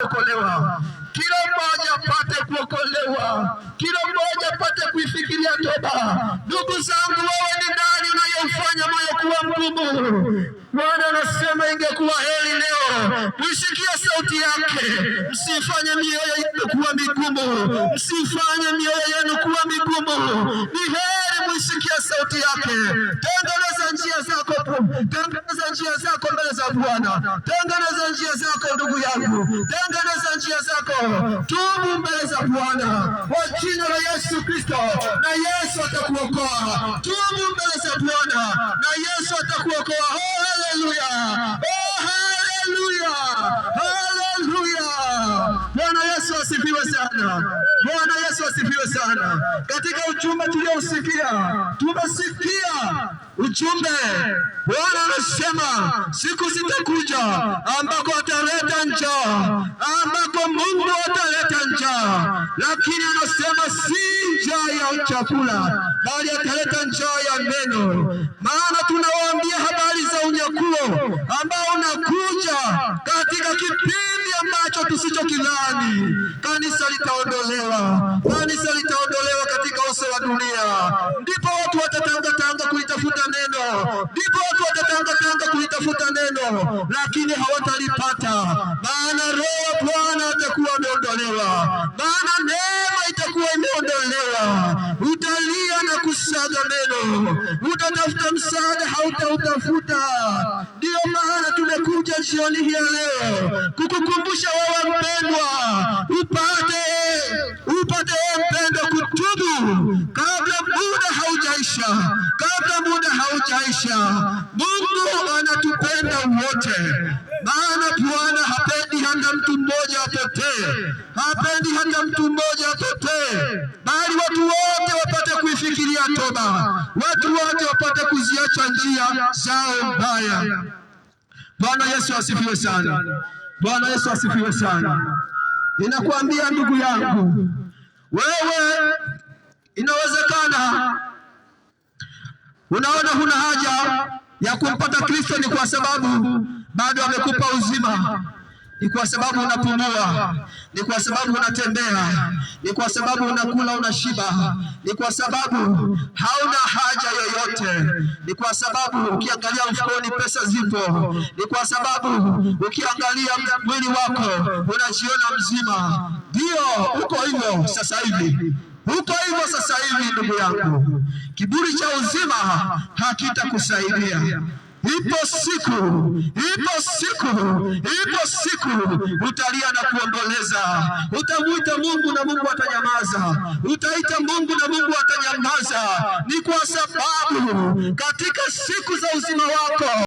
Kuokolewa. Kila mmoja apate kuokolewa, kila mmoja apate kuifikiria toba. Ndugu zangu, wewe ni nani unayofanya moyo kuwa mgumu? Bwana anasema ingekuwa heri leo kuisikia sauti yake. Msifanye mioyo yenu kuwa migumu, msifanye mioyo yenu kuwa migumu. Ni heri muisikia sauti yake. Tengeneza njia zako njia zako mbele za Bwana, tengeneza njia zako ndugu yangu, tengeneza njia zako, tubu mbele za Bwana kwa jina la Yesu Kristo, na Yesu atakuokoa. Tubu mbele za Bwana na Yesu atakuokoa. Oh, haleluya! Oh, haleluya! Haleluya! Bwana Yesu asifiwe sana. Bwana Yesu asifiwe sana katika ujumbe tuliosikia. Tumesikia ujumbe, Bwana anasema siku zitakuja ambako ataleta njaa, ambako Mungu ataleta njaa, lakini anasema si njaa ya chakula, bali ataleta njaa ya neno. Maana tunawaambia habari za unyakuo ambao unakuja katika kipindi ambacho tusichokilani, kanisa litaondolewa. ndipo watu watatangatanga kulitafuta neno, lakini hawatalipata, maana roho ya Bwana atakuwa ameondolewa, maana neema itakuwa imeondolewa. Utalia na kusaga meno, utatafuta msaada, hautautafuta. Ndiyo maana tumekuja jioni hii ya leo kukukumbusha wewe mpendwa, upate upate mpendwa, kutubu kabla muda haujaisha hataisha. Mungu anatupenda wote, maana Bwana hapendi hata mtu mmoja apotee, hapendi hata mtu mmoja apotee, bali watu wote wapate kuifikiria toba, watu wote wapate kuziacha njia zao mbaya. Bwana Yesu asifiwe sana. Bwana Yesu asifiwe sana. Ninakwambia ndugu yangu, wewe inawezekana Unaona huna haja ya kumpata Kristo, ni kwa sababu bado amekupa uzima, ni kwa sababu unapumua, ni kwa sababu unatembea, ni kwa sababu unakula unashiba, ni kwa sababu hauna haja yoyote, ni kwa sababu ukiangalia mfukoni pesa zipo, ni kwa sababu ukiangalia mwili wako unajiona mzima. Ndio uko hivyo sasa hivi. Huko hivyo sasa hivi, ndugu yangu, kiburi cha uzima hakitakusaidia. Ipo siku, ipo siku, ipo siku utalia na kuomboleza. Utamwita Mungu na Mungu atanyamaza, utaita Mungu na Mungu atanyamaza. Ni kwa sababu katika siku za uzima wako